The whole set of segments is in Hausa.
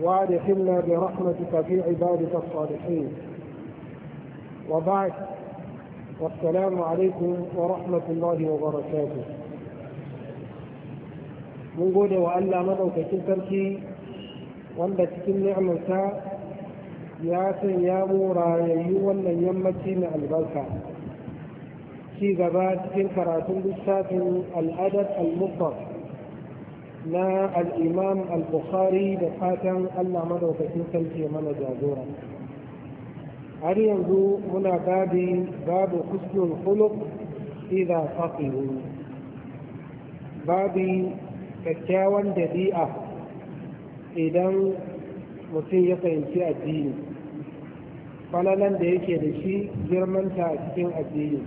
وادخلنا برحمتك في عبادك الصالحين وبعد والسلام عليكم ورحمة الله وبركاته من قوله وأن لا مدعو كتبتر كي وأن تكن نعمة يا سيام رايي وأن يمتين البركة في غبات كن كراتون بساتن الأدب المطلق na al'imam al da fatan allah madaukakin sarki mana jagora har yanzu muna babi babu husnul khuluq idza faqihu babi kyakkyawan dabi'a idan mutum ya fahimci addini falalan da yake da shi girmanta a cikin addini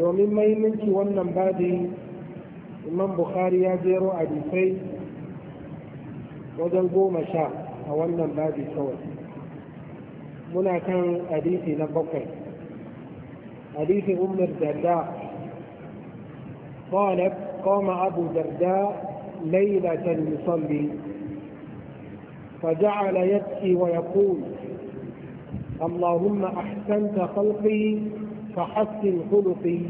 domin mahimmanci wannan babi imam bukhari ya jero hadisai wajen goma sha a wannan babi kawai muna kan hadisi na bakwai hadisi umar darda قالت قام أبو درداء ليلة يصلي فجعل يبكي ويقول اللهم أحسنت خلقي فحسن خلقي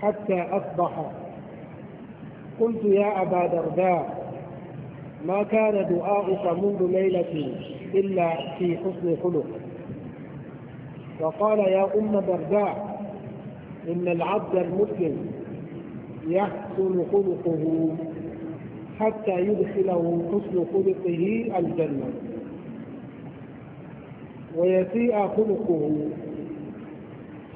حتى أصبح قلت يا أبا درداء ما كان دعاؤك منذ ليلة إلا في حسن خلق وقال يا أم درداء إن العبد المسلم يحسن خلقه حتى يدخله حسن خلقه الجنة ويسيء خلقه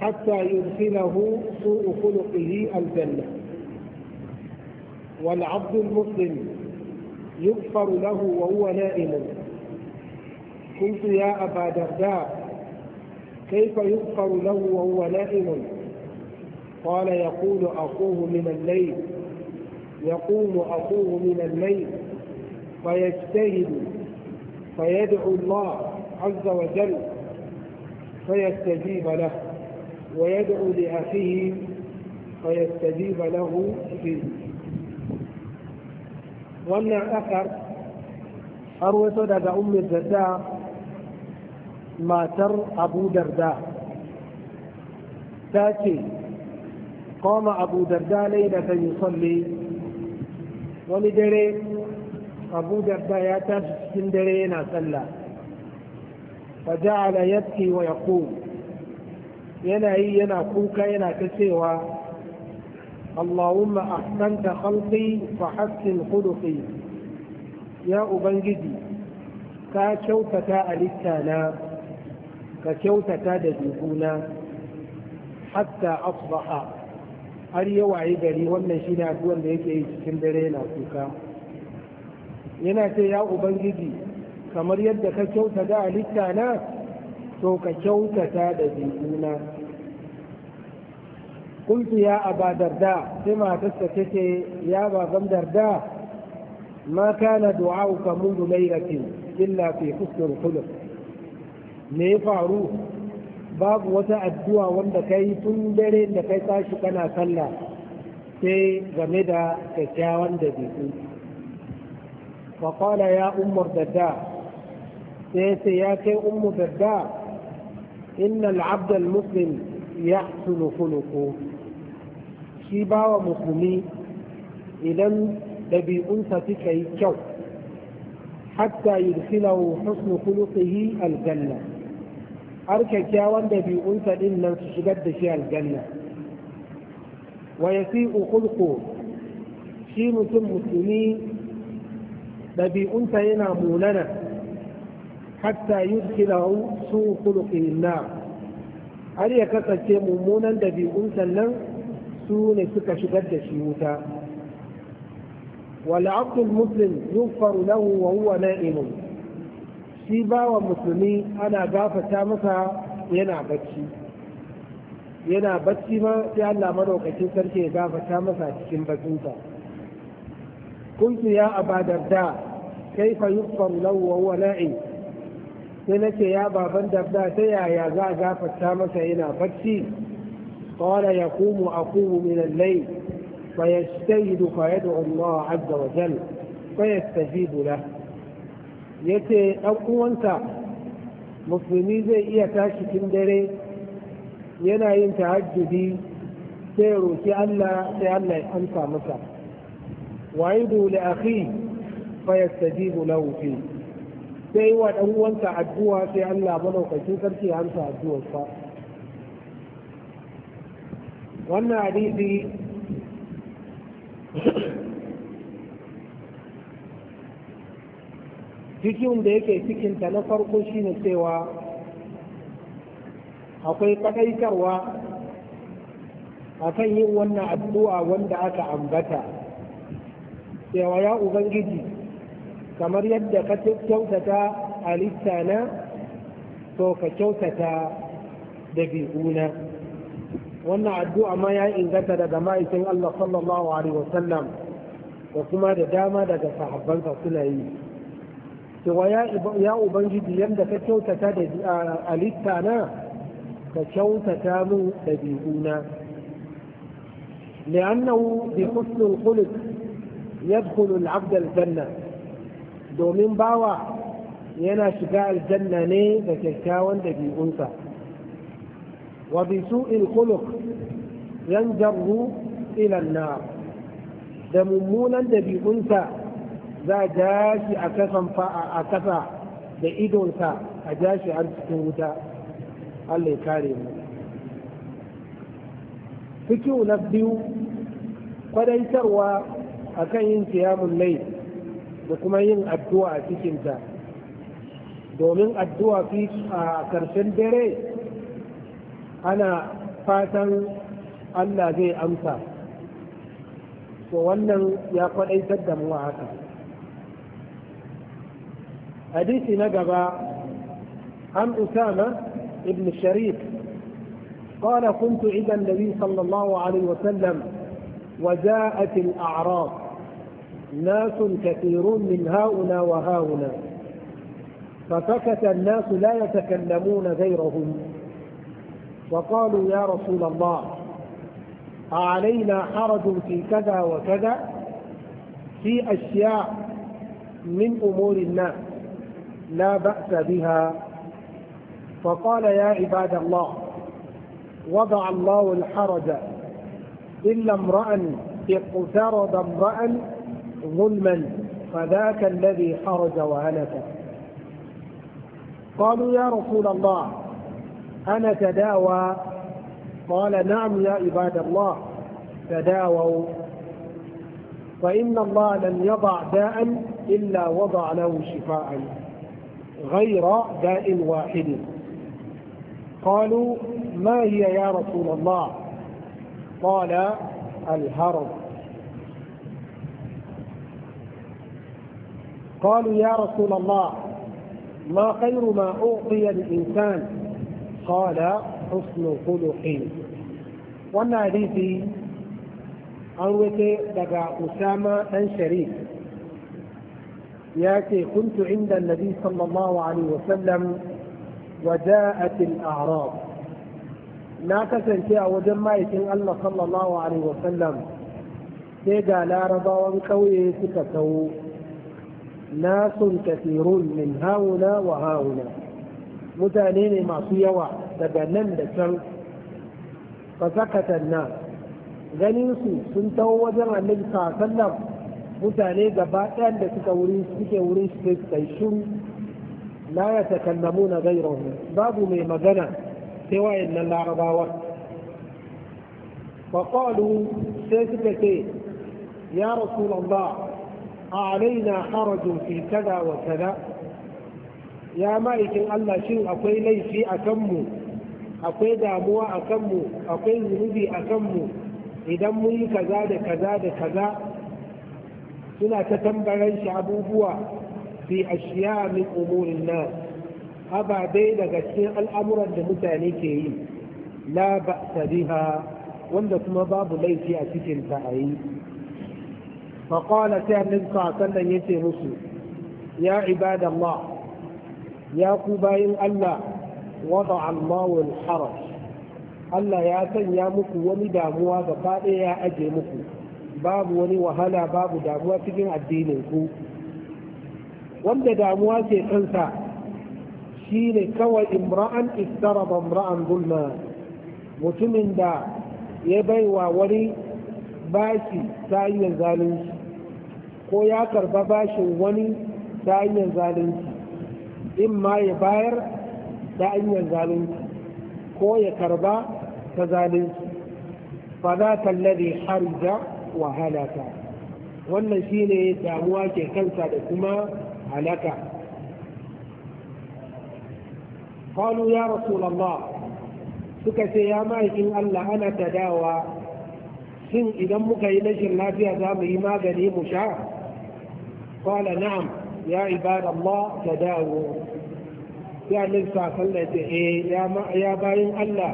حتى يدخله سوء خلقه الجنة والعبد المسلم يغفر له وهو نائم قلت يا أبا درداء كيف يغفر له وهو نائم قال يقول أخوه من الليل يقوم أخوه من الليل فيجتهد فيدعو الله عز وجل فيستجيب له ويدعو لأخيه فيستجيب له فيه wannan asar har wato daga umar darda matar abu darda ta ce koma abu darda lailata yusalli wani dare abu darda ya tashi cikin dare yana sallah فجعل يبكي ويقول yana yi yana kuka yana ta cewa اللهم أحسنت خلقي فحسن خلقي يا أبنجدي كاكوتة ألتانا كاكوتة دجونا حتى أصبح har ya waye gari wannan shi addu'ar da yake yi cikin dare yana kuka yana ce ya ubangiji kamar yadda ka kyauta da halitta na to ka kyautata da jikuna قلت يا أبا درداء كما تستكت يا أبا درداء na كان دعاؤك منذ ليلة إلا في حسن الخلق me faru babu wata addu'a wanda kai tun dare da kai tashi kana sallah sai game da kyakkyawan da biyu faƙwala ya umar dadda sai sai ya kai umar dadda inna al'abdal muslim ya sunu kuluku shi bawa musulmi idan ɗabi'unsa suka yi kyau hatta yudkhilahu husnu khuluqihi aljanna har kyakkyawan ɗabi'unsa ɗin nan su shigar da shi aljanna wa ya yasi'u khulqu shi mutum musulmi ɗabi'unsa yana munana hatta yudkhilahu su khuluqihi nar har ya kasance mummunan ɗabi'unsa nan su ne suka shigar da shi wuta والعبد المسلم يغفر له وهو نائم shi bawa musulmi ana gafata masa yana bacci yana bacci ma sai Allah madaukakin sarki ya gafata masa cikin baccinsa kuntu ya abadar da kaifa yufar lahu wa huwa na'im sai nace ya baban darda ta yaya za a gafata masa yana bacci قال يقوم أقوم من الليل فيجتهد فيدعو الله عز وجل فيستجيب له yace ɗan uwanka musulmi zai iya tashi cikin dare yana yin tahajjudi sai roki Allah sai Allah ya amsa masa wa yidu li akhi fa yastajibu lahu fi sai wa ɗan uwanka addu'a sai Allah madaukakin sarki ya amsa wannan hadisi cikin da yake cikinta na farko shine cewa akwai kadaitarwa akan yin wannan addu'a wanda aka ambata cewa ya ubangiji kamar yadda ka kyautata halitta na to ka kyautata da na. wannan addu'a ma ya inganta daga ma'aikin Allah sallallahu alaihi da kuma da dama daga sahabbansa suna yi cewa ya ubangiji yadda ka kyautata da alitta na ka kyautata min ɗabi'una li'annahu bi husnul khuluq yadkhulu al-'abd janna domin bawa yana shiga aljanna ne ga kyakkyawan ɗabi'unsa وبسوء الخلق ينجر إلى النار da mummunan dabi'unsa za a jashi a kasan a kasa da idonsa a jashi an cikin wuta Allah ya kare mu fikiyu na biyu kwadaitarwa a kan yin siyamun lai da kuma yin addu'a a cikinta domin addu'a fi a ƙarshen dare أنا فاتن Allah zai amsa to يا ya kwadaitar da حديث haka عن أسامة ابن الشريف قال كنت عند النبي صلى الله عليه وسلم وجاءت الأعراب ناس كثيرون من هؤلاء وهؤلاء فسكت الناس لا يتكلمون غيرهم وقالوا يا رسول الله أعلينا حرج في كذا وكذا في أشياء من أمور الناس لا بأس بها فقال يا عباد الله وضع الله الحرج إلا امرأ اقترض امرأ ظلما فذاك الذي حرج وهلك قالوا يا رسول الله أنا تداوى قال نعم يا عباد الله تداووا فإن الله لم يضع داء إلا وضع له شفاء غير داء واحد قالوا ما هي يا رسول الله قال الهرب قالوا يا رسول الله ما خير ما أعطي الإنسان قال حسن خلق wannan hadisi an wuce daga usama dan sharif ya ce kuntu inda annabi sallallahu alaihi wasallam وجاءت الأعراب na kasance a wajen ma'aikin Allah sallallahu alaihi wasallam sai ga larabawan ƙauye suka sau nasun kafirun min hauna wa hauna mutane ne masu yawa daga nan da can fasakatan nan ganin su sun taho wajen annabi sallam mutane gaba ɗayan da suka wuri suke wuri suke kai shiru la ya takallamu na gairahu babu mai magana sai wayan nan larabawa fa qalu sai فقالوا سيسكتي يا رسول alaina أعلينا fi في wa وكذا ya ma'aikin Allah shin akwai laifi a kanmu akwai damuwa a kanmu akwai zunubi a kanmu idan mun yi kaza da kaza da kaza suna ta tambaran shi abubuwa fi ashiya min umurin nan ababe daga cikin al'amuran da mutane ke yi la ba wanda kuma babu laifi a cikin ta a yi فقال سهل صلى الله عليه وسلم يا عباد الله ya ku bayan Allah wada almawul haram Allah ya sanya muku wani damuwa gaba ɗaya ya aje muku babu wani wahala babu damuwa cikin addinin ku wanda damuwa ce kansa shi ne kawai imra'an istaraba imra'an gulma mutumin da ya baiwa wani bashi ta hanyar zalunci ko ya karba bashin wani ta hanyar zalunci in ma ya bayar da hanyar zalunci ko ya karɓa ta zalunci fa za ta lade harja wa halaka wannan shine damuwa ke kansa da kuma halaka قالوا ya رسول suka ce ya ma'aikin Allah ana ta dawa shin idan muka yi rashin lafiya za mu yi magani mu sha? Kwala na'am ya ibadallah ta dawo ya lissa sallar da e ya bayan Allah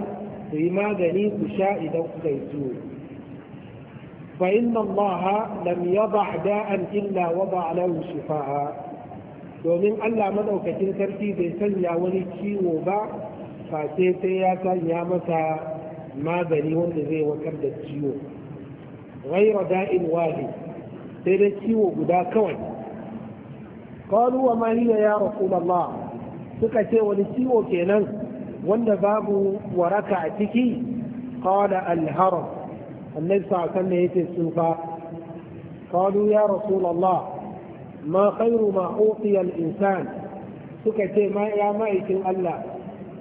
ku yi magani ku sha idan kuka yi ciwo fa inna Allah lam yada da'an illa wada lahu shifa'a domin Allah maɗaukacin sarki bai sanya wani kiwo ba face sai ya sanya masa magani wanda zai wakar da ciwo غير داء واحد sai dai ciwo guda kawai qalu wa ma hiya ya rasulullah suka ce wani ciwo kenan wanda babu waraka a ciki qala al-haram sa kan ne yace tsufa qalu ya rasulullah ma khairu ma utiya al-insan suka ce ma ya ma'aikin Allah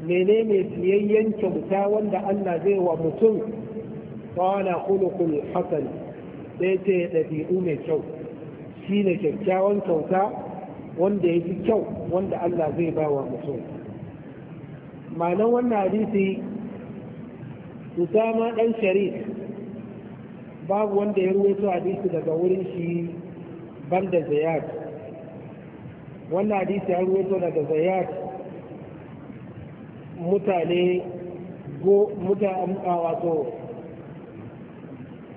menene fiyayyen kyauta wanda Allah zai wa mutum qala khuluqul hasan sai ce ɗabi'u mai kyau shine kyakkyawan kyauta wanda ya fi kyau wanda Allah zai ba wa mutum malan wannan hadisi Usama ɗan Sharif babu wanda ya ruwaito hadisi daga wurin shi banda Zayat wannan hadisi ya ruwaito daga Zayat mutane go wato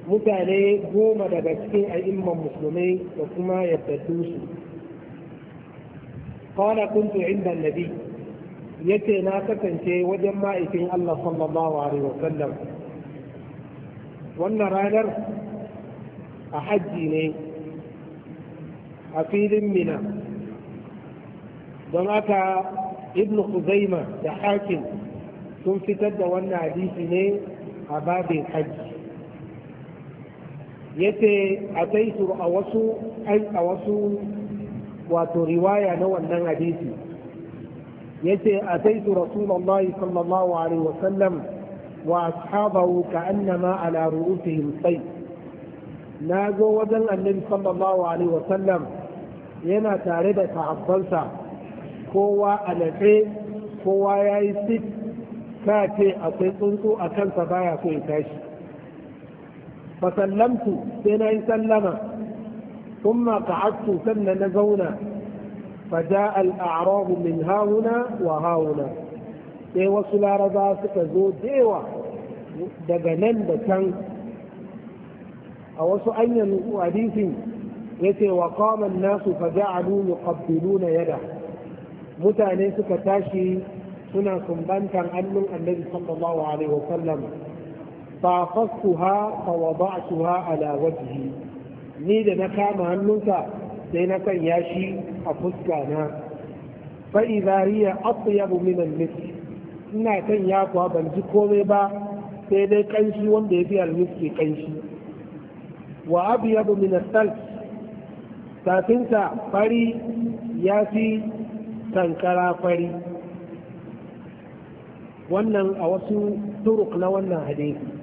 mutane goma daga cikin al'imman musulmai da kuma yadda su qala kuntu inda nabi yace na kasance wajen ma'aikin Allah sallallahu alaihi sallam. wannan ranar a hajji ne a filin mina don haka ibn Kuzaima da hakim sun fitar da wannan hadisi ne a babin hajji yace a a wasu wato riwaya na wannan hadisi yace su rasulullahi sallallahu alaihi wasallam wa ashabahu annama ala ru'usihim sai na zo wajen annabi sallallahu alaihi wasallam yana tare da sahabbansa kowa a natse kowa ya yi sit ka ce akwai tsuntsu a kansa baya so ya tashi fasallamtu sai na yi sallama ثم قعدت سن نزونا فجاء الأعراب من هاهنا وهاهنا sai wasu laraba suka zo dewa daga nan da can a wasu anyan hadisin ya ce wa kaman nasu fa ja'alu yuqabbiluna yada mutane suka tashi suna kumbantan hannun annabi sallallahu alaihi wa sallam fa fasquha fa wada'tuha ala wajhi ni da na kama hannunsa sai na sanya shi a fuska na fa'iza hiya ya bu minan miski ina ya kuwa ban ji komai ba sai dai kanshi wanda ya fi al kanshi wa abu ya bu minan sal safinsa fari ya fi kankara fari wannan a wasu turuk na wannan hadisi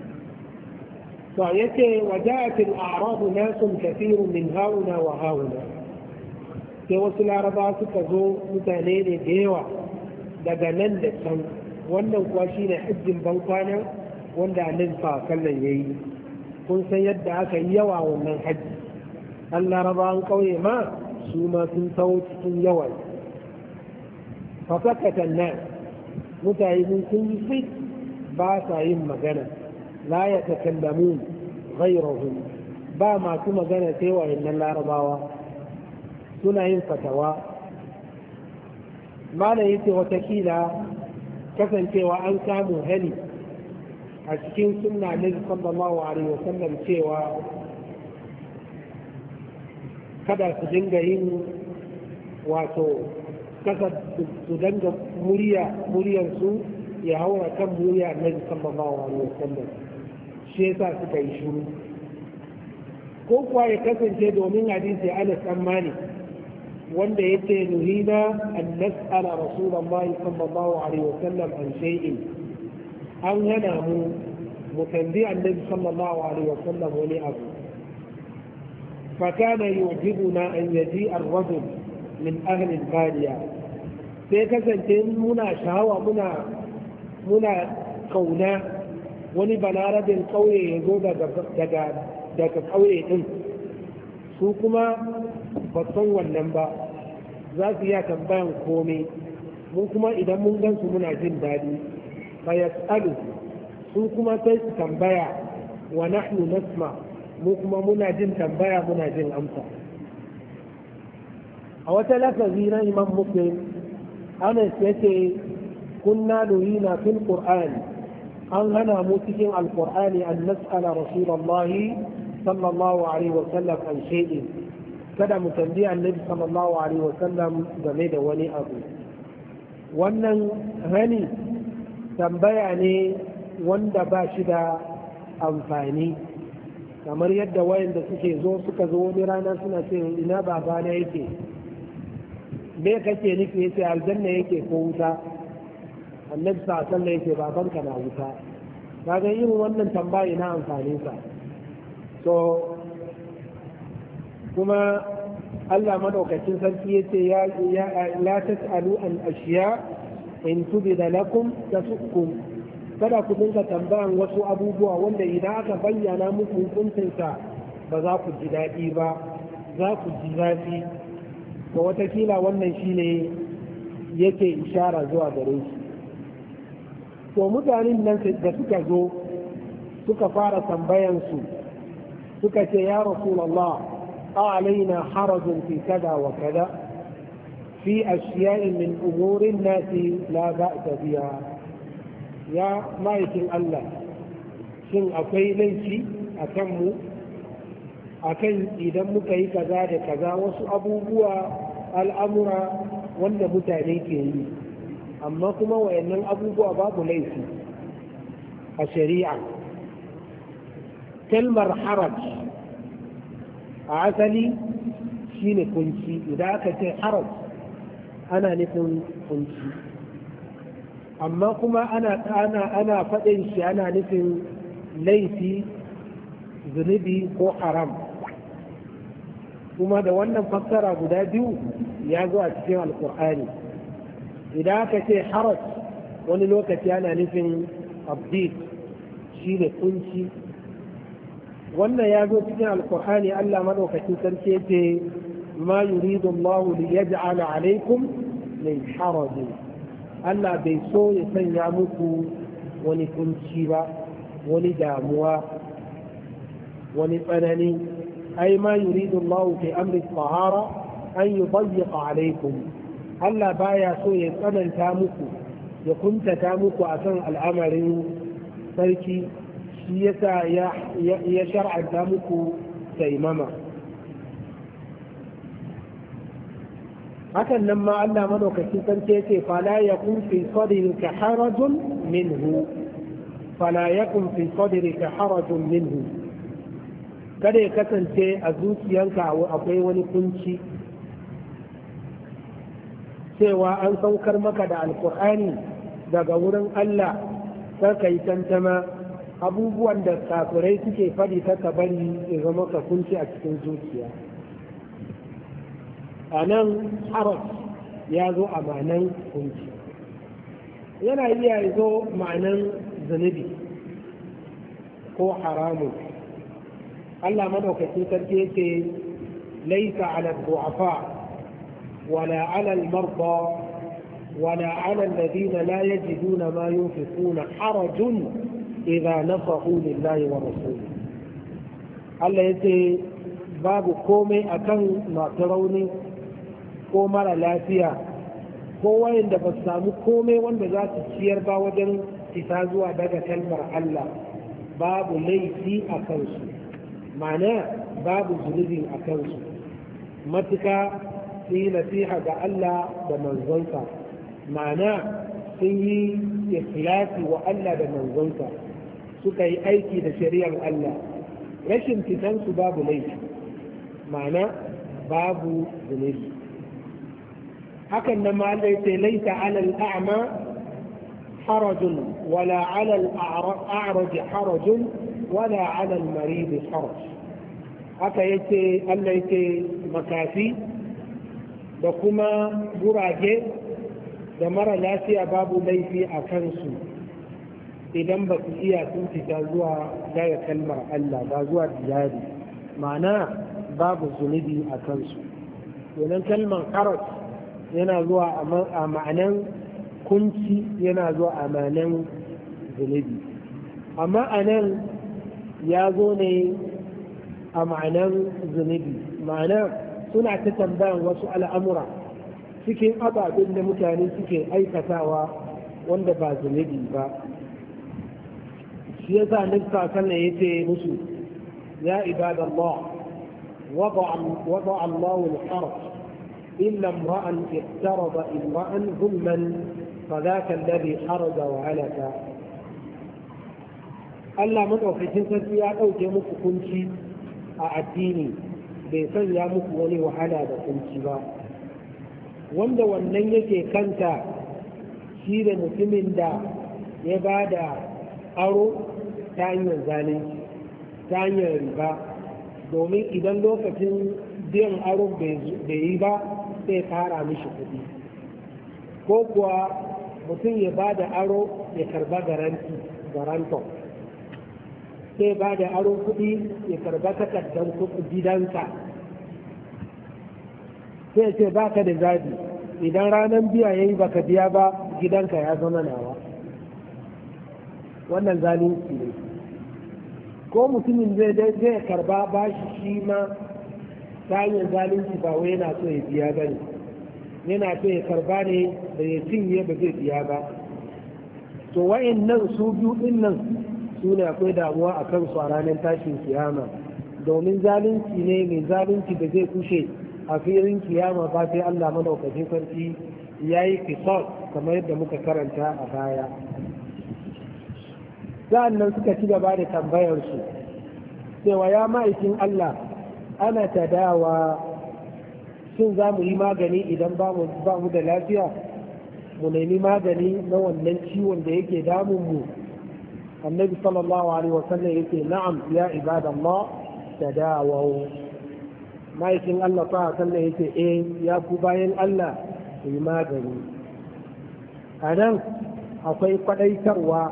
فيتي وجاءت الأعراب ناس كثير من هاونا وهاونا يوصل العرباء سكزو متانين ديوة دقنان لسان wannan kuwa shi ne hajjin bankwana wanda annabi sa sallan ya yi kun san yadda aka yi yawa wannan hajji an larabawan ƙauye ma su ma sun tawo cikin yawan fasakatan nan mutane sun yi fit ba sa yin magana la ya takallamu ghayrahum ba masu magana sai wa'annan larabawa suna yin fatawa malam yace watakila kasancewa an samu hali a cikin sunna na sallallahu alaihi wasallam cewa kada su dinga yin wato kasa su danga murya muryarsu ya haura kan murya na sallallahu alaihi wasallam shi yasa suka yi shuru ko kuwa ya kasance domin hadisi ana tsammani wanda ya ce nuhina an nas'ala rasulullahi sallallahu alaihi wasallam an shay'in an hana mu mu tambi annabi sallallahu alaihi wasallam wani abu فكان يعجبنا أن يجيء الرجل من أهل البادية sai kasance muna shahawa muna muna kauna wani balarabin kauye ya zo daga kauye ɗin su kuma ba wannan ba za su iya tambayan komai mun kuma idan mun gan su muna jin daɗi ya tsalu su kuma sai su tambaya wa nahnu nasma mu kuma muna jin tambaya muna jin amsa a wata lafazi na imam muslim anas yace kunna na fil qur'ani an hana mu cikin alkur'ani an nas'ala rasulullahi sallallahu alaihi wasallam an shay'in kada mu tambayi annabi sallallahu alaihi wasallam game da wani abu wannan hani tambaya ne wanda ba shi da amfani kamar yadda wayanda suke zo suka zo wani rana suna ce ina babana yake me kake nufi yace aljanna yake ko wuta annabi sa sallah yake babanka na wuta kaga yin wannan tambayi na amfani sa so kuma Allah madaukakin sarki yace ya la tasalu an ashiya in tubida lakum tasukum kada ku dinga tambayan wasu abubuwa wanda idan aka bayyana muku hukuncinsa ba za ku ji daɗi ba za ku ji zafi ga watakila wannan shine yake ishara zuwa gare shi to mutanen nan da suka zo suka fara tambayansu suka ce ya rasulallah alaina harajun fi kada wa kada fi ashiya'i min umurin nasi la ba'ta biya ya ma'aikin Allah shin akwai laifi a kanmu a kan idan muka yi kaza da kaza wasu abubuwa al'amura wanda mutane ke yi amma kuma wayannan abubuwa babu laifi a shari'a kalmar haraj a asali shine kunci idan aka ce haraj ana nufin kunci amma kuma ana ana ana faɗin shi ana nufin laifi zunubi ko haram kuma da wannan fassara guda biyu ya zo a cikin alkur'ani idan haras wani lokaci ana nufin abdid shi ne kunci wannan ya zo cikin alkur'ani allah maɗaukacin sarki ya ce ma yuridu allahu li yaj'ala alaikum min haraj allah bai so ya sanya muku wani kunci ba wani damuwa wani tsanani ai ma yuridu allahu fi amri tahara an yudayyiqa alaikum Allah ba ya so ya tsananta muku ya kuntata muku a kan al'amarin sarki shi ya sa ya shar'anta muku taimama hakan nan ma Allah madaukakin sarki yake fala yakun fi sadrika harajun minhu fala fi sadrika harajun minhu kada ya kasance a zuciyanka akwai wani kunci cewa an saukar maka da alkur'ani daga wurin Allah sai yi tantama abubuwan da kafirai suke faɗi ta bari ya zama ka kunci a cikin zuciya a nan haraf ya zo a ma'anan kunci yana iya zo ma'anan zunubi ko haramun Allah madaukaki sarki yake laisa ala du'afa ولا على المرضى ولا على الذين لا يجدون ما ينفقون حرج إذا نفقوا لله ورسوله ألا يتي باب كومي أكن ما تروني كومر لا فيا كوا إن دفستام كومي وان بذات السير باودن تتازوا بدا كلمر ألا باب ليسي أكنسو معناه باب زلدين أكنسو متكا su yi nasiha ga Allah da manzonsa ma'ana sun yi ikhlasi wa Allah da manzonsa suka yi aiki da shari'ar Allah rashin fitansu babu laifi ma'ana babu zunubi hakan nan ma Allah ce laita alal a'ma harajun wala alal a'raj harajun wala alal marid haraj haka yake Allah yake makafi da kuma gurage da mara lafiya babu laifi a kansu idan ba su iya sun fita zuwa gaya kalmar Allah ba zuwa diyari ma'ana babu zunubi a kansu domin kalmar karat yana zuwa a ma'anan kunci yana zuwa a ma'anan zunubi amma a nan ya zo ne a ma'anan zunubi ma'ana suna ta tambayan wasu al'amura cikin ababen da mutane suke aikatawa wanda ba zunubi ba shi yasa nufka sannan ya ce musu ya ibadallah وضع الله الحرج إلا امرأ اقترض امرأ ظلما فذاك الذي حرج وهلك Allah maɗaukacin sarki ya ɗauke muku kunci a addini bai ya muku wani wahala da kunci ba wanda wannan yake kanta shi da mutumin da ya ba da aro ta hanyar zane ta hanyar riba domin idan lokacin biyan aro bai yi ba sai fara mishi kuɗi ko kuwa mutum ya ba da aro ya karba garanti garanto sai ba da aro kuɗi ya karba takardar gidansa sai ce ba ka da zabi idan ranar biya ya yi baka biya ba gidanka ya zama nawa wannan zalunci ne ko mutumin zai zai karba ba shi shi ma ta zalunci ba wai yana so ya biya ba ne yana so ya karba ne da ya cinye ba zai biya ba to wa'in nan su biyu din nan su ne akwai damuwa a kan su a ranar tashin kiyama domin zalunci ne mai zalunci da zai kushe a filin kiyama ba sai Allah madaukakin sarki ya yi kisot kamar yadda muka karanta a baya sa'an nan suka ci gaba da tambayar su. cewa ya ma'aikin Allah ana ta dawa shin za mu yi magani idan ba mu da lafiya mu nemi magani na wannan ciwon da yake mu? annabi sallallahu alaihi wasallam yake na'am ya ibadallah dawa ma'aikin Allah fa sallan yake eh ya ku bayan Allah ku yi magani a nan akwai kwaɗaitarwa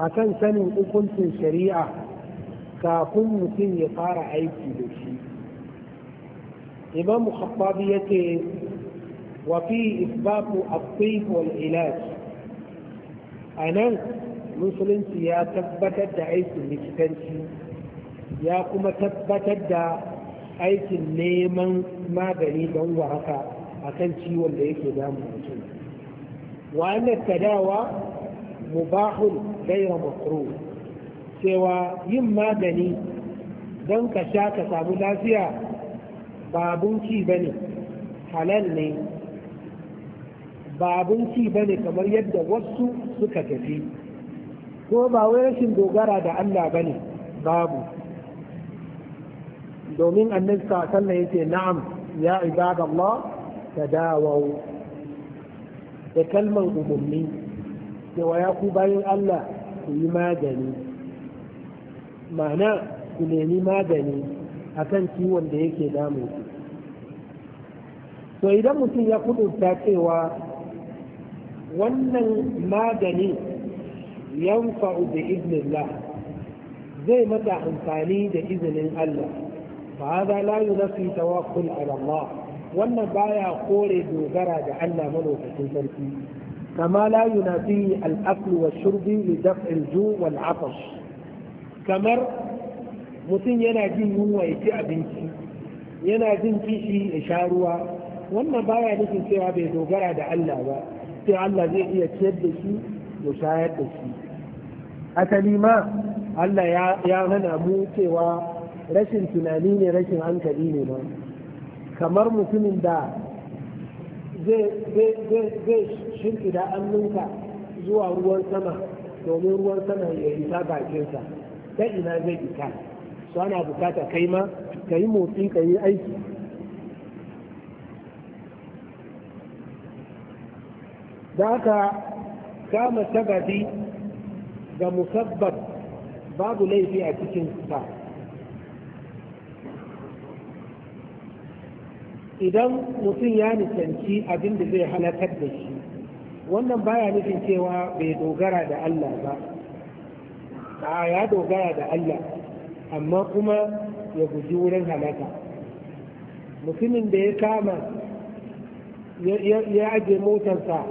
a kan sanin hukuncin shari'a kafin mutum ya fara aiki da shi imam khattabi yake wa fi isbatu at-tayb wal ilaj nan, musulunci ya tabbatar da aikin likitanci ya kuma tabbatar da aikin neman magani don waraka a kan ciwon da yake damu mutum Wa wa'annan tadawa mubahul gaira makru cewa yin magani don ka sha ka samu lafiya ba abinci ba ne halal ne ba ba ne kamar yadda wasu suka tafi ko ba wai rashin dogara da Allah ba ne babu domin annabi sallallahu alaihi na'am ya ta tadawau da kalmar umumi cewa ya ku bayan Allah ku yi magani ma'ana ku nemi magani akan ciwon da yake damu to idan mutum ya kudurta cewa wannan magani yanfa'u da idnillah zai mata amfani da izinin Allah فهذا لا ينفي توكل على الله وأن بايا قولي دوغرا جعلنا منه في كما لا ينافيه الأكل والشرب لدفع الجوع والعطش كمر mutum yana jin yunwa ya ci abinci yana jin kishi ya sha ruwa wannan baya nufin cewa bai dogara da Allah ba sai Allah zai iya ciyar da shi ya shayar da shi A ma Allah ya hana mu cewa rashin tunani ne rashin hankali ne ba kamar mutumin da zai shimfida annunka zuwa ruwan sama domin ruwan sama ya isa bakinsa ta ina zai isa su ana bukata kai ma ka yi motsi ka yi aiki da haka kama tagadi ga musabbab babu laifi a cikin sa idan mutum ya nisanci abin da zai halakar da shi wannan baya nufin cewa bai dogara da Allah ba a ya dogara da Allah amma kuma ya guji wurin halaka mutumin da ya kama ya aje motarsa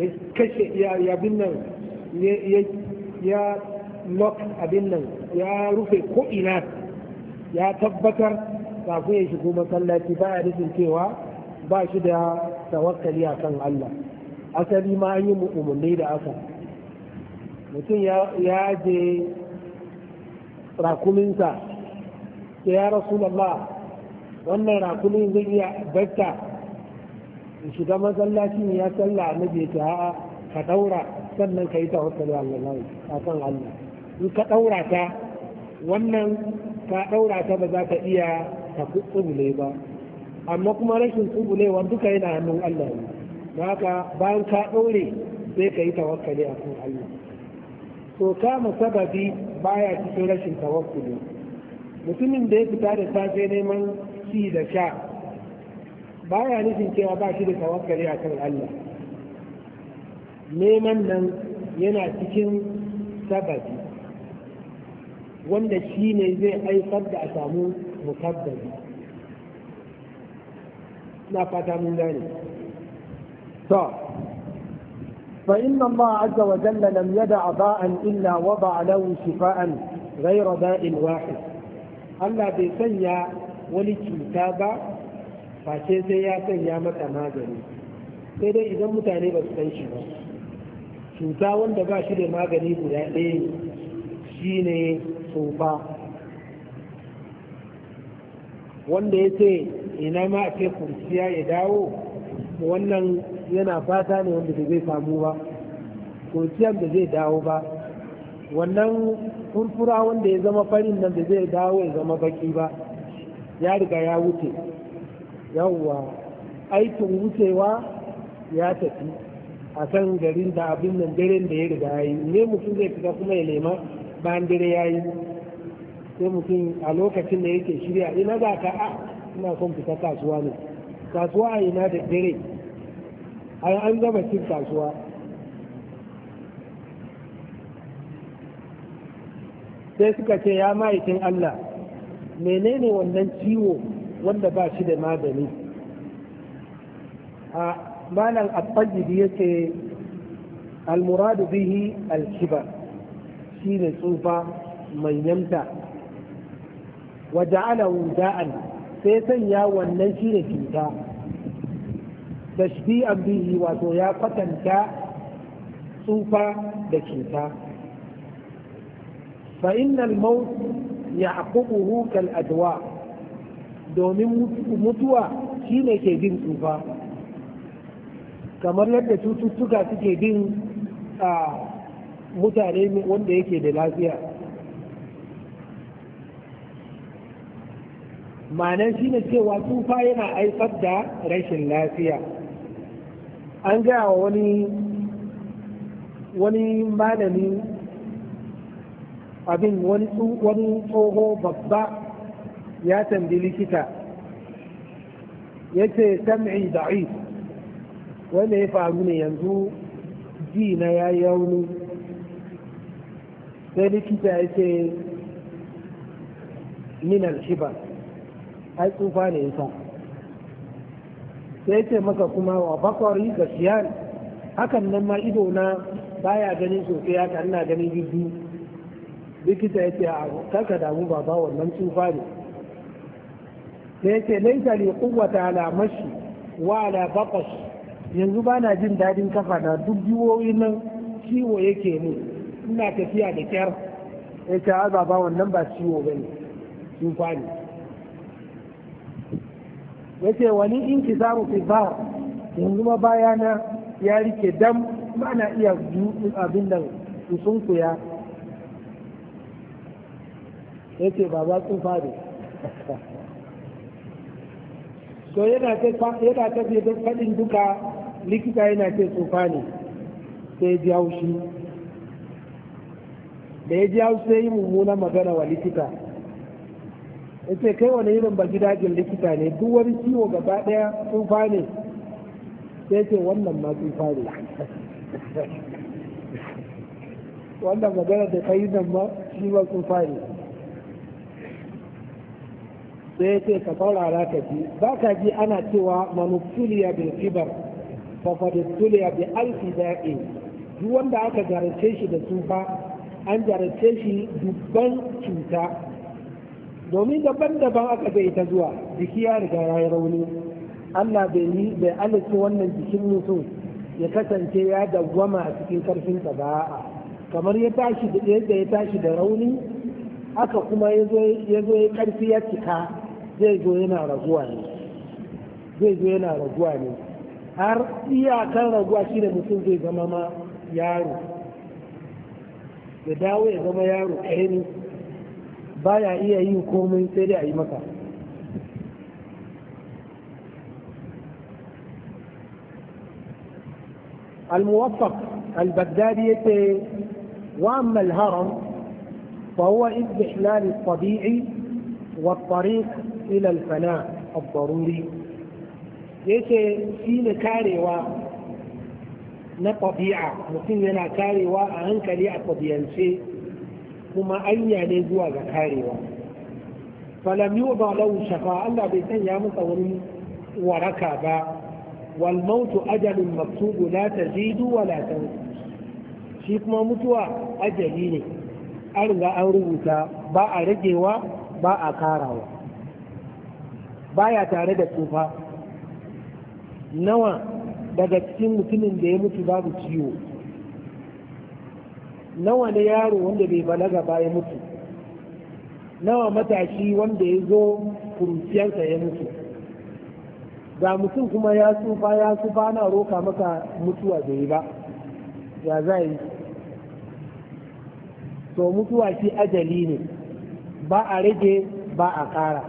ya kashe ya binnan ya lock abin nan ya rufe ko'ina ya tabbatar kafin ya shigo masallaci ba a rikin cewa ba shi da tawakkali a kan Allah asali ma an yi umarni da aka mutum ya je rakuminsa sai ya rasulallah wannan rakumin zai iya in shiga masallaci ne ya salla annabi ta ka daura sannan ka yi tawakkali Allah a kan Allah in ka daura ta wannan ka daura ta ba za ka iya ta tsubule ba amma kuma rashin tsubulewa duka yana hannun Allah ne don haka bayan ka ɗore sai ka yi tawakkali a kan Allah to kama sababi baya cikin rashin tawakkuli mutumin da ya fita da safe neman ci da sha baya nufin cewa ba shi da tawakkali a kan Allah neman nan yana cikin sababi wanda shi ne zai aifar da a samu mukaddabi na fata mun gane to فإن الله عز وجل لم يدع داء إلا وضع له شفاء غير داء واحد Allah bai sanya wani cuta ba face sai ya sanya mata magani sai dai idan mutane ba su san shi ba cuta wanda ba shi da magani guda ɗaya shi ne tsufa wanda ya ce ina ma a ce kurciya ya dawo wannan yana fata ne wanda zai samu ba kurciyan da zai dawo ba wannan furfura wanda ya zama farin nan da zai dawo ya zama baki ba ya riga ya wuce yawwa aikin wucewa ya tafi a kan garin da abin nan daren da ya riga ya yi ne mutum zai fita kuma ya nema bayan dare ya yi sai mutum a lokacin da yake shirya ina za ka a ah, ina son fita kasuwa ne kasuwa a ina da dare A an gaba cin kasuwa sai suka ce ya ma'aikin Allah menene wannan ciwo wanda ba shi da magani a malam abbajibi ya ce almuradu bihi alkiba shi ne tsufa mai yamta wa ja'ala wuda'an sai sanya wannan shi da cuta an bihi wato ya kwatanta tsufa da cuta fa innal maut ya'qubuhu kal adwa domin mutuwa shine ke bin tsufa kamar yadda cututtuka suke bin a mutane wanda yake da lafiya ma'anar shi ne cewa tsufa yana aifar da rashin lafiya an gaya wa wani wani malami abin wani tsoho babba ya tambi likita ya ce sam'i da'if wanda ya faru ne yanzu ji na ya yauni sai likita ya ce min al ai tsufa ne ya yasa sai ce maka kuma wa bakwari da siyan hakan nan ma ido na baya ganin sosai haka ina ganin jirgi likita ya ce a kaka damu baba wannan tsufa ne sai ce laisa li quwwata ala mashi wa ala baqash yanzu ba na jin dadin kafa na duk biyoyi nan ciwo yake ne ina tafiya da kyar ya ce ba wannan ba ciwo bane tsufa ne ce wani in samu fi zahar yanzu ma bayana ya rike dam mana na iya abin da sun kuya yace baba tsufa ne to yana ta fi da faɗin duka likita yana ce tsufa ne sai ya ji haushi da ya ji haushi sai yi mummunan magana wa likita ce kai wani irin ba gidajen likita ne duk wani ciwo gaba daya tsufa ne sai ce wannan ma tsufa ne wannan magana da kai nan ma shi ma tsufa ne sai ya ce ka saurara ka ji ba ka ji ana cewa manufuliya bil kibar fa fadistuliya bi alfi da'i duk wanda aka jarace shi da tsufa an jarace shi dubban cuta domin daban-daban aka bai ta zuwa jiki ya riga ya yi rauni Allah bai ni wannan jikin mutum ya kasance ya dawwama a cikin karfin ba kamar ya tashi da yadda ya tashi da rauni aka kuma ya zo ya karfi ya cika zai zo yana raguwa ne zai zo yana raguwa ne har iyakan raguwa shi da mutum zai zama ma yaro ya dawo ya zama yaro ɗaya ne baya iya yin komai sai dai a yi masa الموفق البغدادي وأما الهرم فهو استحلال الطبيعي والطريق إلى الفناء الضروري yake shi ne karewa na tabi'a mutum yana karewa a hankali a tabiyance kuma anya ne zuwa ga karewa falam ba lau shafa Allah bai sanya masa wani waraka ba wal mautu ajalin maktubu la tazidu wa la shi kuma mutuwa ajali ne an riga an rubuta ba a ragewa ba a karawa baya tare da tsufa nawa daga cikin mutumin da ya mutu babu ciwo nawa ne yaro wanda bai balaga ba ya mutu nawa matashi wanda ya zo kuruciyarsa ya mutu ga mutum kuma ya tsufa ya tsufa na roka maka mutuwa bai ba ya za to mutuwa shi ajali ne ba a rage ba a ƙara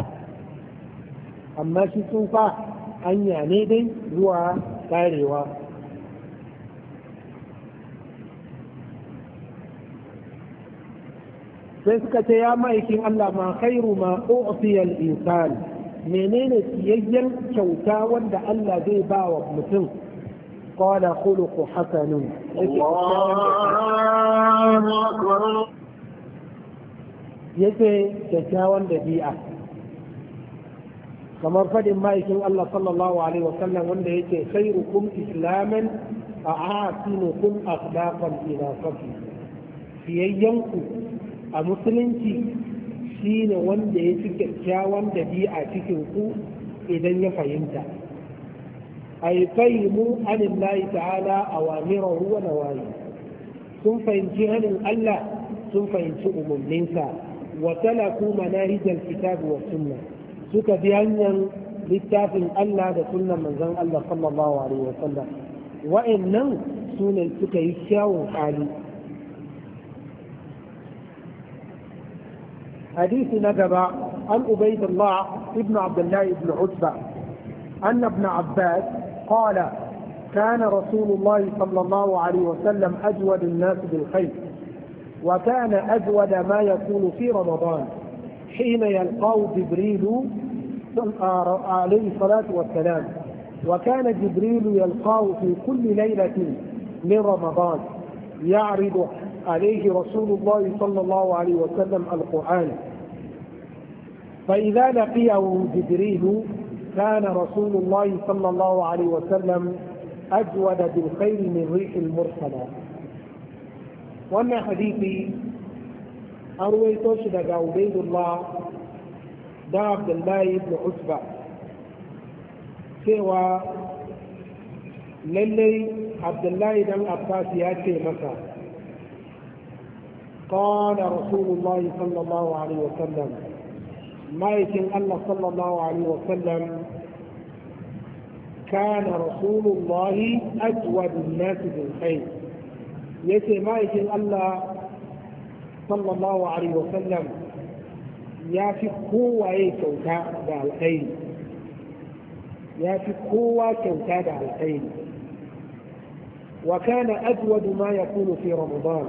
amma shi tsufa hanya ne dai zuwa karewa sai suka ce ya ma'aikin Allah ma khairu ma u'tiyal insan menene siyayyen kyauta wanda Allah zai ba wa mutum hasanin ya hasanun yace kyakkyawan dabi'a kamar fadin ma'aikin Allah sallallahu alaihi wa sallam wanda yake khairukum islaman a'atinukum akhlaqan ila safi fiyayyanku a musulunci shi ne wanda ya fi kyakkyawan dabi'a cikin ku idan ya fahimta ay fahimu anillahi ta'ala awamirahu wa nawayi sun fahimci hannun Allah sun fahimci umarninsa wa talaku hijar kitabu wa sunna suka bi hanyar littafin Allah da sunnan manzon Allah sallallahu alaihi wa sallam wa'annan sunan suka yi kyawun kali حديث ندب عن عبيد الله ابن عبد الله بن عتبة أن ابن عباس قال كان رسول الله صلى الله عليه وسلم أجود الناس بالخير وكان أجود ما يكون في رمضان حين يلقاه جبريل آه، عليه الصلاة والسلام وكان جبريل يلقاه في كل ليلة من رمضان يعرض عليه رسول الله صلى الله عليه وسلم القرآن فإذا لقيه جبريل كان رسول الله صلى الله عليه وسلم أجود بالخير من ريح المرسلة وأن حديثي اروي لدى عبيد الله دا عبد الله بن عتبة سوى للي عبد الله بن عباس ياتي مكة قال رسول الله صلى الله عليه وسلم مايكن الله صلى الله عليه وسلم كان رسول الله أجود الناس بالخير يتي مايكن الله صلى الله عليه وسلم يا في قوة ya دع الخير يا في قوة kowa دع الخير وكان أجود ما يكون في رمضان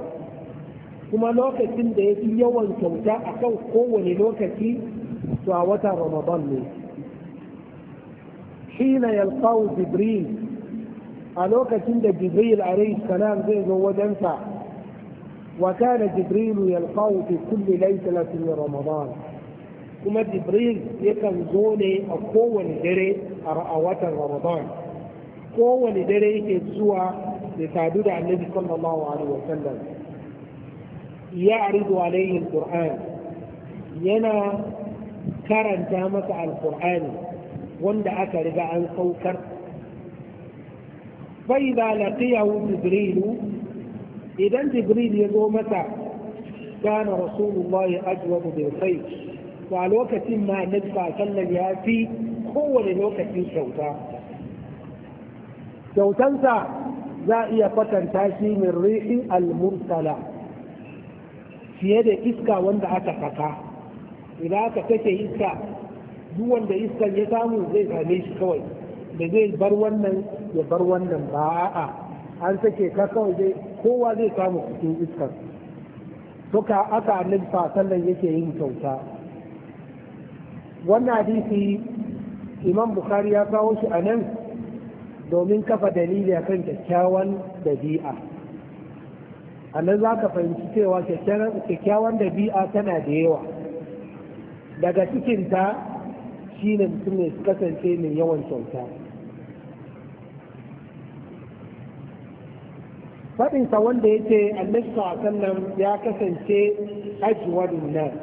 kuma lokacin da ya fi yawan kyauta a kan kowane lokaci to a wata ramadan ne shi na yalƙawo jibril a lokacin da jibril a salam zai zo wajensa wa kana jibril yalƙawo fi kulli lailatin ramadan kuma jibril yakan zo ne a kowane dare a watan ramadan kowane dare yake zuwa ya sadu da annabi sallallahu alaihi wa sallam. يعرض عليه القرآن ينا كرن تامك القرآن وند أكرد عن سوكر فإذا لقيه جبريل إذا جبريل يقول متى كان رسول الله أجوب بالخير وعلى وقت ما ندفع صلى يأتي هو للوقت شوتا شوتنسا za iya kwatanta shi min rihi al-mursala fiye da iska wanda aka saka idan aka take iska duk wanda iskan ya samu zai same shi kawai da zai bar wannan ya bar wannan ba a an sake ka kawai zai kowa zai samu cikin iskar suka aka nufa sallan yake yin kyauta wannan hadisi imam bukhari ya kawo shi a nan domin kafa dalili akan kyakkyawan dabi'a a nan za ka fahimci cewa kyakkyawan dabi'a tana da yawa daga cikinta shi ne mutum ne kasance mai yawan kyauta faɗinsa wanda ya ce annabta a sannan ya kasance ajiwadun nan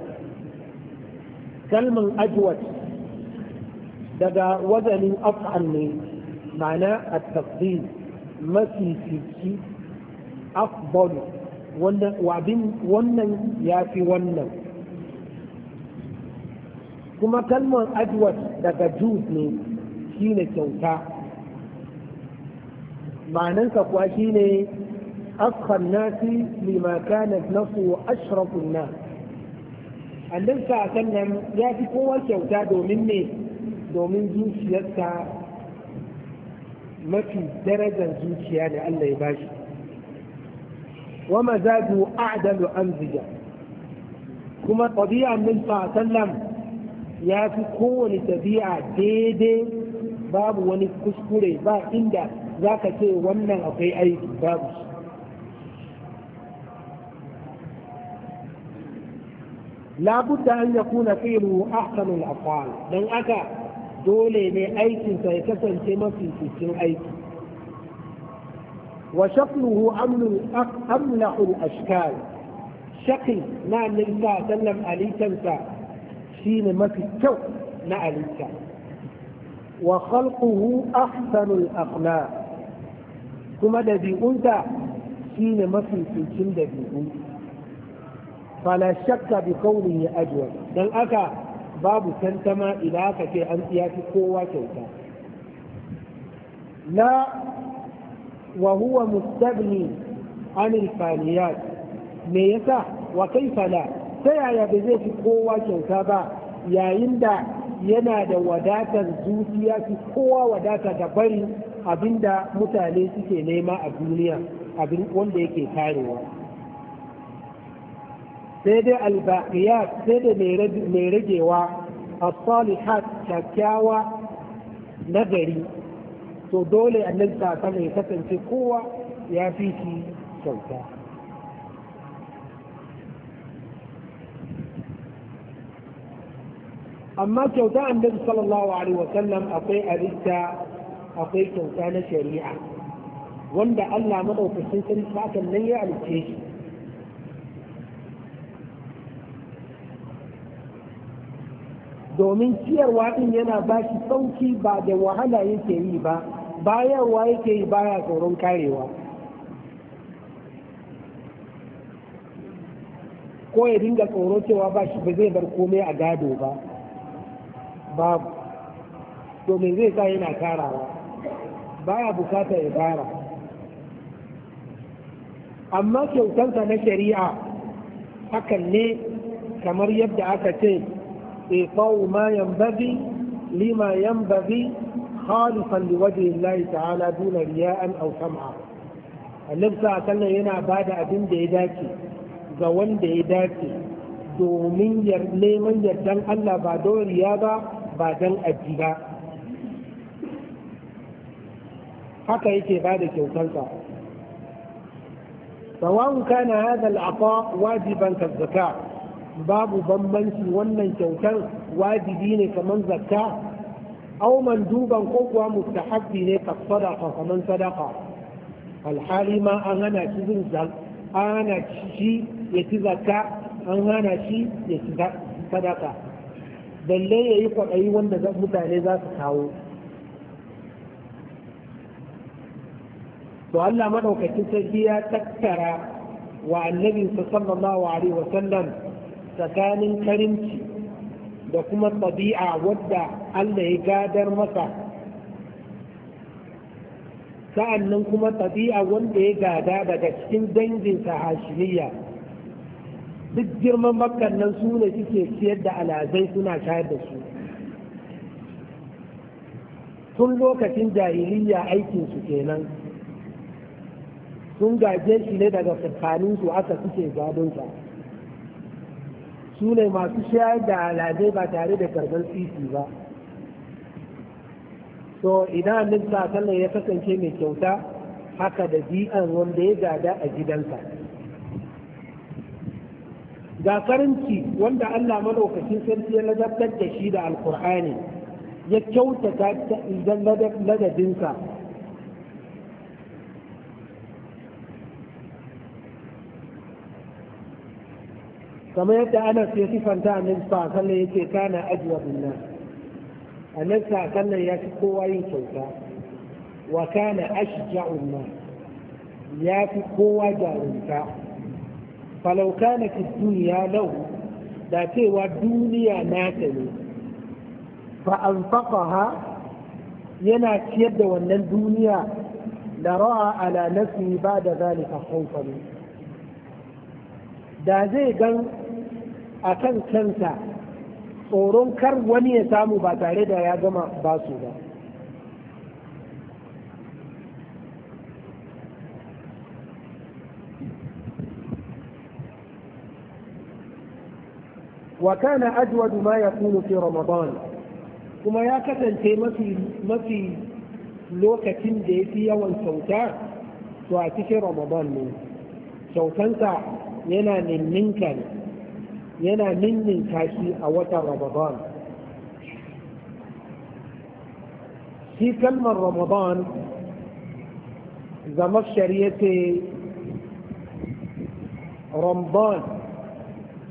kalman ajiwad daga wazanin af'an ne ma'ana a tafi mafi fiki afdalu wannan ya fi wannan kuma kalmar adwat daga jud ne shine kyauta ma'anansa kuwa shine أفخى الناس لما كانت نفسه أشرف الناس annabi sa sallam ya fi kowa kyauta domin ne domin zuciyarsa mafi darajar zuciya da Allah ya bashi wa mazajuhu a'dalu amzija kuma tabi'a min sa sallam ya fi kowane tabi'a daidai babu wani kuskure ba inda za ka ce wannan akwai aiki babu shi labudda an ya kuna fi'lu ahsanul af'al dan aka dole ne aikinsa ya kasance mafi cikin aiki وشكله أملح الأشكال شقي ما نلسى سلم علي تنسى شين ما في التو نأليك وخلقه أحسن الأخلاق كما الذي أنت شين ما في تلكم الذي أنت فلا شك بقوله أجود بل أكا باب تنتمى إلى كي أنت ياتي قوة لا wa huwa mustabni anil faniyat me yasa wa kaifa la ta yaya ba zai fi kowa kyauta ba yayin da yana da wadatar zuciya fi kowa wadata da bari abinda mutane suke nema a duniya abin wanda yake karewa. sai dai albaqiyat sai da mai ragewa as-salihat kyakkyawa nagari to dole annabi ta sama ya kasance kowa ya fi ki kyauta amma kyauta annabi sallallahu alaihi wasallam akwai arista akwai kyauta na shari'a wanda Allah madaukakin sarki hakan nan ya alce shi domin ciyarwa ɗin yana ba shi sauki ba da wahala yake yi ba bayarwa yake yi baya tsoron karewa ko ya dinga tsoron cewa ba shi ba zai bar komai a gado ba babu domin zai sa yana karawa baya bukata ya kara amma kyautansa na shari'a hakan ne kamar yadda aka ce ifa'u ma yambazi lima yambazi خالصا لوجه الله تعالى دون رياء أو سمعة النبي صلى الله abin da ya dace أبن ديداتي زوان ديداتي domin neman yardan Allah ba don riya ba ba don aji ba haka yake bada da kyautarsa sawa'un kana hadha al-aqa wajiban ka babu bambanci wannan kyautar wajibi ne kamar zakka aw duban ko kuwa ne ka sadaqa kaman sadaqa alhali ma an hana shi zin zan an hana shi ya ci zakka an hana shi ya ci sadaka balle ya yi kwaɗayi wanda mutane za su kawo to Allah maɗaukacin sarki ya tattara wa annabinsa sallallahu alaihi wasallam tsakanin karimci da kuma tabi'a wadda Allah ya gadar masa sa'annan kuma tabi'a wanda ya gada daga cikin danginsa hashimiyya duk girman makkan nan su ne suke siyar da alazai suna shayar da su tun lokacin jahiliya aikinsu kenan sun gaje shi ne daga tsakaninsu aka suke gadonsa. su ne masu shayar da alade ba tare da karɓar sisi ba so idan annabi sallallahu ya kasance mai kyauta haka da bi'an wanda ya gada a gidansa ga karanci wanda Allah maɗaukacin sarki ya ladabtar da shi da alkur'ani ya kyautata idan ladabinsa kamar yadda ana ya sifanta nan sa ya yake kana ajwa a nan sa ya fi kowa yin kyauta wa kana ashja'un nas ya fi kowa jarumta falau kana fi duniya lau da cewa duniya ta ne fa ha yana ciyar da wannan duniya da ra'a ala nafsi ba da zalika khawfan da zai gan a kan kansa tsoron kar wani ya samu ba tare da ya gama ba su ba wa kana ajwadu ma kunu fi ramadan kuma ya kasance mafi lokacin da yafi yawan kyauta to a cikin ramadan ne kyautansa yana ninninka ne yana ninnin tashi a watan ramadan shi kalmar ramadan zama shari'ate ramadan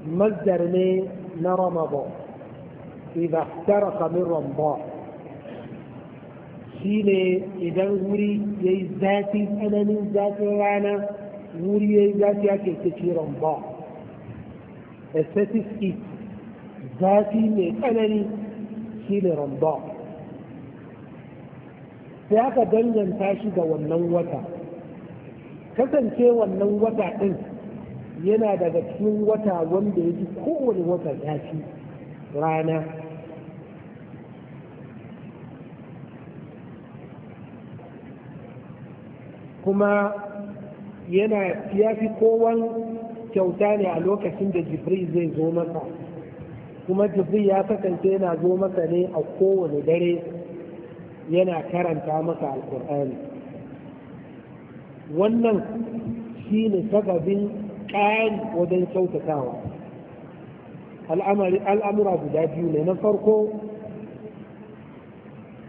مصدر na ramadan إذا افترق من رمضان shine idan wuri ya yi zafi tsananin zafin rana wuri ya yi zafi ake ta kiran ba excessive heat zafi mai tsanani shi ne ramadan sai aka danganta shi ga wannan wata kasance wannan wata ɗin yana daga cikin wata wanda ya ji kowane wata zafi rana kuma yana fi kowan kyauta ne a lokacin da jibril zai zo masa kuma jibril ya kasance yana zo masa ne a kowane dare yana karanta masa alkur'ani wannan shi ne sababin ƙayan wajen kyautatawa al'amura guda biyu ne na farko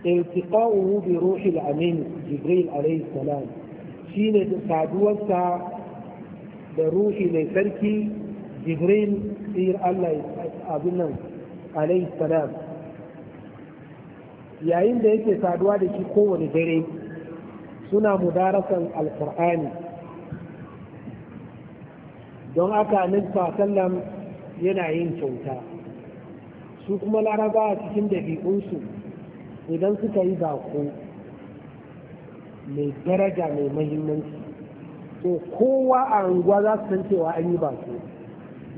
iltiqa'uhu bi ruhil amin jibril alayhi salam shine saduwarsa da ruhi mai sarki jibril sir allah abin nan alayhi salam yayin da yake saduwa da shi kowane dare suna mudarasan alkur'ani don aka nan sallam yana yin kyauta su kuma laraba a cikin ɗabi'unsu idan suka yi bako mai daraja mai mahimmanci to kowa a unguwa za su san cewa an yi bako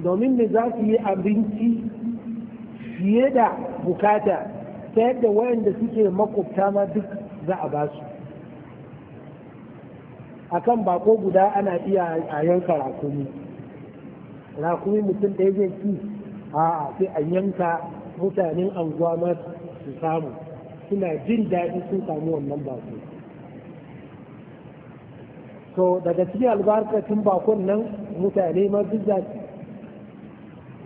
domin me za su yi abinci fiye da bukata ta yadda wayanda suke makwabta ma duk za a ba su akan bako guda ana iya a yanka rakumi rakumi mutum ɗaya zai ci a sai a yanka mutanen anguwa ma su samu suna jin daɗi sun samu wannan bako to daga cikin albarkacin bakon nan mutane ma bizza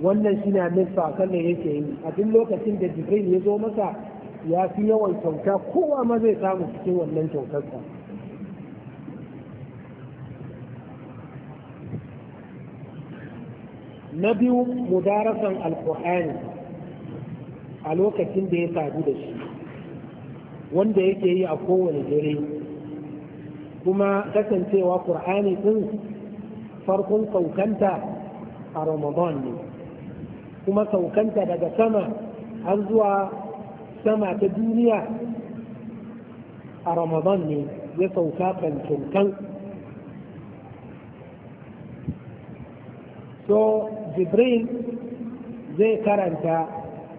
wannan shi na min sakon ne yake yi a duk lokacin da jibril ya zo masa ya fi yawan kyauta kowa ma zai samu cikin wannan kyautarsa na biyu mudarasan alkur'ani a lokacin da ya sadu da shi wanda yake yi a kowane dare kuma kasancewa qur'ani din farkon saukanta a ramadan ne kuma saukanta daga sama har zuwa sama ta duniya a ramadan ne ya sauka kankan so jibril zai karanta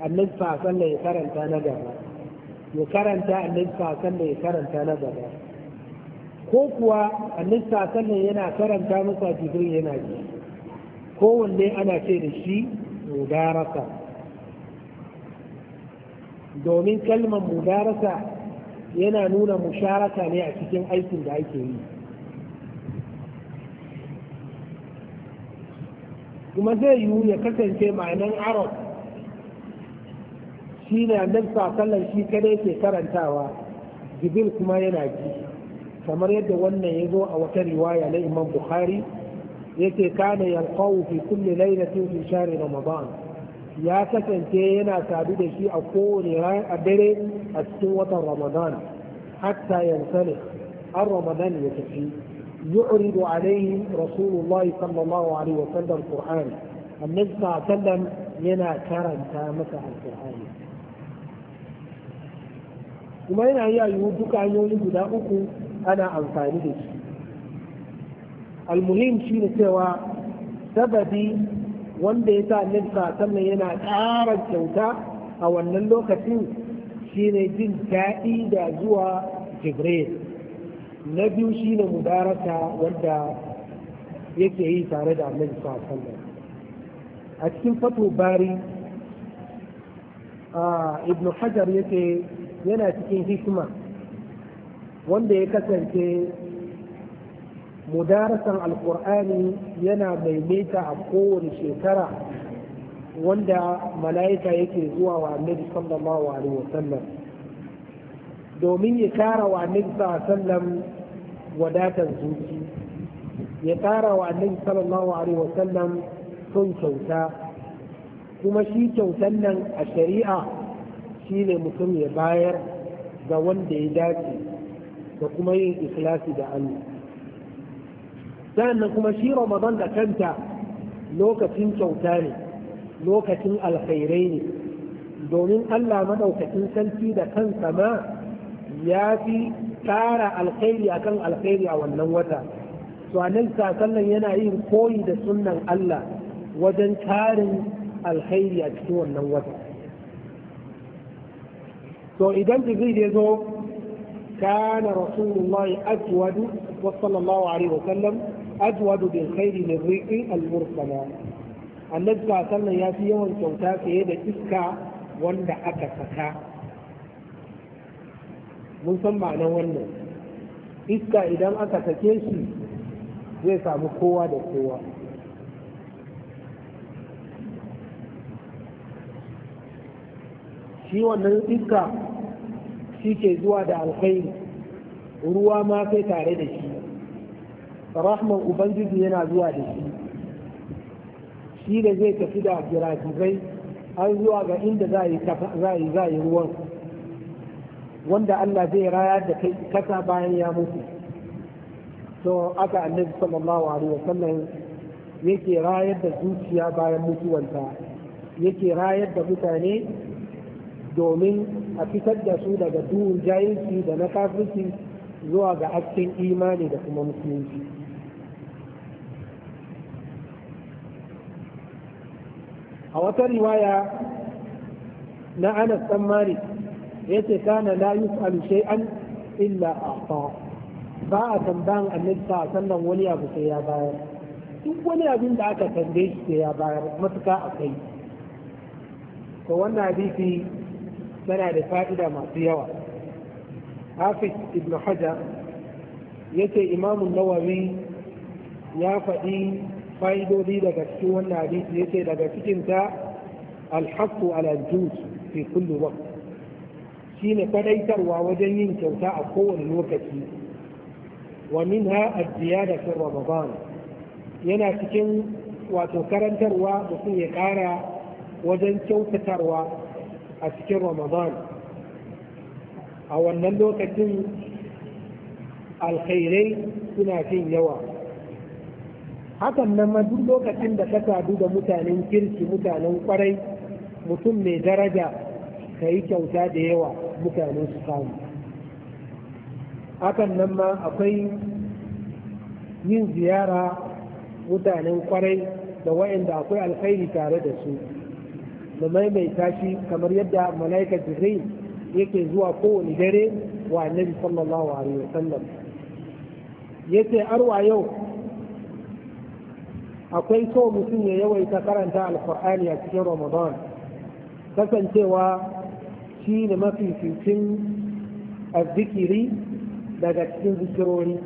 annabi sallallahu ya karanta na gaba ya karanta annabi sallallahu ya karanta na gaba ko kuwa nista sannan yana karanta masa jibril yana ji kowanne ana ce da shi mudarasa domin kalmar mudarasa yana nuna musharaka ne a cikin aikin da ake yi kuma zai yiwu ya kasance ma'anan arab shi ne annabi sallar shi kadai ke karantawa jibil kuma yana ji kamar yadda wannan ya zo a wata riwaya na imam bukhari ya yake kana kawo fi kulle lailatin fi share ramadan ya kasance yana sadu da shi a kowane a dare a cikin watan ramadan hatta sani an ramadan ya tafi يعرض عليه رسول الله صلى الله عليه وسلم القرآن النبي صلى الله عليه وسلم ينا كرم kuma yana iya yiwu duka hanyoyin guda uku ana amfani da shi almuhim shi ne cewa sababi wanda ya sa annabi sallallahu yana ƙara kyauta a wannan lokacin shine jin daɗi da zuwa jibril na biyu shine mudaraka wanda yake yi tare da annabi sallallahu a cikin Fato bari ibn hajar yake yana cikin hikima wanda ya kasance mudarasan alkur'ani yana maimaita a kowane shekara wanda mala'ika yake zuwa wa annabi sallallahu alaihi wasallam domin ya kara wa annabi wasallam wadatar zuci ya kara wa annabi sallallahu alaihi wasallam son kyauta kuma shi kyautan nan a shari'a shi ne mutum ya bayar ga wanda ya dace da kuma yin ikhlasi da Allah sannan kuma shi Ramadan da kanta lokacin kyauta ne lokacin alkhairai ne domin Allah madaukakin sarki da kansa ma ya fi tara alkhairi akan alkhairi a wannan wata to anan sallan yana yin koyi da sunnan Allah wajen tarin alkhairi a cikin wannan wata to idan jibril ya zo كان رسول الله أجود وصلى الله عليه وسلم أجود بالخير من الريق المرسلة النبي صلى الله عليه وسلم يوم كوتا في يد إسكا ولا أكسكا mun san ma'anar wannan iska idan aka sake shi zai samu kowa da shi wannan iska shi ke zuwa da alkhairi ruwa ma sai tare da shi rahman ubangiji yana zuwa da shi shi da zai tafi da giragizai har zuwa ga inda za yi ruwan wanda Allah zai raya da kai kasa bayan ya mutu to aka annabi sallallahu alaihi wasallam yake rayar da zuciya bayan mutuwanta yake rayar da mutane domin a fitar da su daga duhun jahilci da na kafirci zuwa ga askin imani da kuma musulunci a wata riwaya na anas dan malik yace kana la yus'alu shay'an illa a'ta ba a tambayan annabi sa sallan wani abu sai ya bayar duk wani abin da aka tambaye shi sai ya bayar matuka akai to wannan hadisi tana da fa'ida masu yawa hafiz ibn hajar yace imamun nawawi ya faɗi fa'idodi daga cikin wannan hadisi yace daga cikin ta alhaqqu fi kullu fi Shi ne shine wajen yin kyauta a kowane lokaci wa minha ajiya da fi ramadan yana cikin wato karantarwa mutum ya ƙara wajen kyautatarwa a cikin ramadan a wannan lokacin alkhairai suna cin yawa hakan nan ma duk lokacin da ka sadu da mutanen kirki mutanen kwarai mutum mai daraja ka yi kyauta da yawa mutanen su samu hakan nan ma akwai yin ziyara mutanen kwarai da wayanda akwai alkhairi tare da su mu maimaita shi kamar yadda malaika jibril yake zuwa kowane dare wa annabi sallallahu alaihi sallam yace arwa yau akwai so mutum ya yawaita karanta alkur'ani a cikin ramadan kasancewa shi ne mafificin azzikiri daga cikin zikirori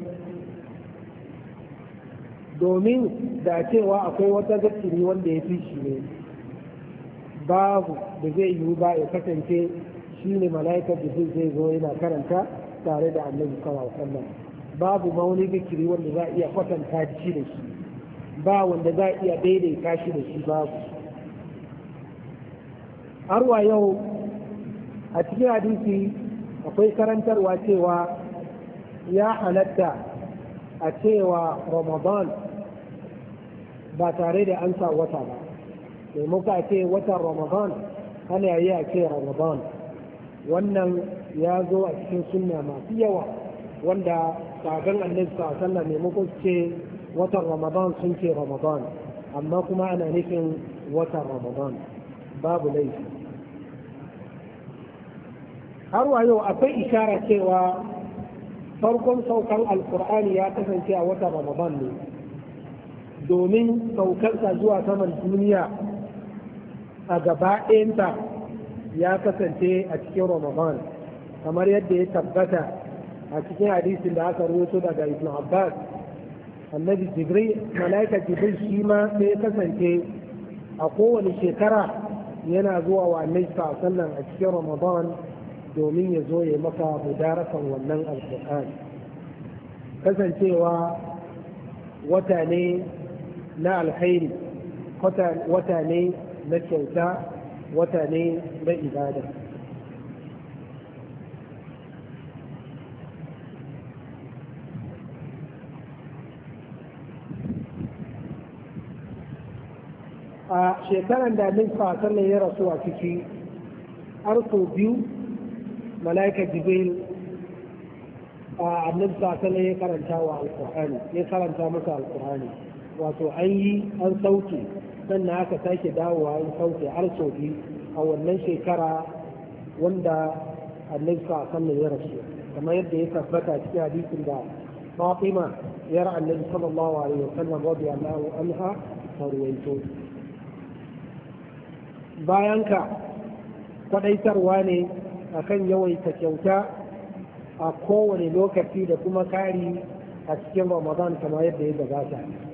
domin da cewa akwai wata zikiri wanda ya fi shi ne babu da zai yiwu ba ya kasance shi ne mala'ikar da zai zo yana karanta tare da annabi sallallahu alaihi babu mauni bikiri wanda za a iya kwatanta shi da shi ba wanda za a iya daidaita shi da shi babu har yau a cikin hadisi akwai karantarwa cewa ya halatta a cewa ramadan ba tare da an sa wata ba taimako a ce watan ramadan ana yi a ce ramadan wannan ya zo a cikin sunna masu yawa wanda kagan annabi sallallahu alaihi ce watan ramadan sun ce ramadan amma kuma ana nufin watan ramadan babu laifi har wa yau akwai ishara cewa farkon saukan alkur'ani ya kasance a watan ramadan ne domin saukarsa zuwa saman duniya a gaba ɗayanta ya kasance a cikin ramadan kamar yadda ya tabbata a cikin hadisin da aka rubuto daga ibn abbas annabi jibril malaika jibril shi ma sai kasance a kowane shekara yana zuwa wa annabi sallan a cikin ramadan domin ya zo ya maka mudarakan wannan alkur'ani kasancewa wata ne na alkhairi wata ne na kyauta wata ne na ibada a shekaran da min ne ya rasu a ciki arko biyu mala'ika jibril a annabi ya karanta wa alkur'ani ya karanta masa alkur'ani wato an yi an sauke sannan aka sake dawowa in sauke har sau biyu a wannan shekara wanda annabi sa sallan ya rasu kamar yadda ya tabbata cikin hadisin da Fatima lawa annabi sallallahu alaihi wa sallam radiyallahu anha ta ruwaito bayan ka kwadaitarwa ne akan yawaita kyauta a kowane lokaci da kuma kari a cikin Ramadan kamar yadda ya gabata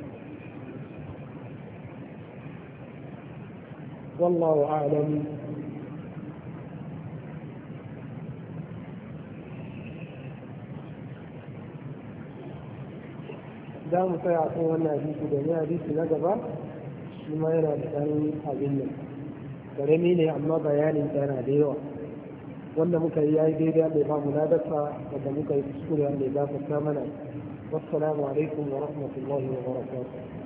والله أعلم دام سيعطون لنا في سبيل هذه في نجبة لما يرى بسانه حبيل كرميني أما بيان كان عليها وأن مكا يأي بيبا بيبا منادفة وأن مكا يتسكر عن بيبا فكامنا والسلام عليكم ورحمة الله وبركاته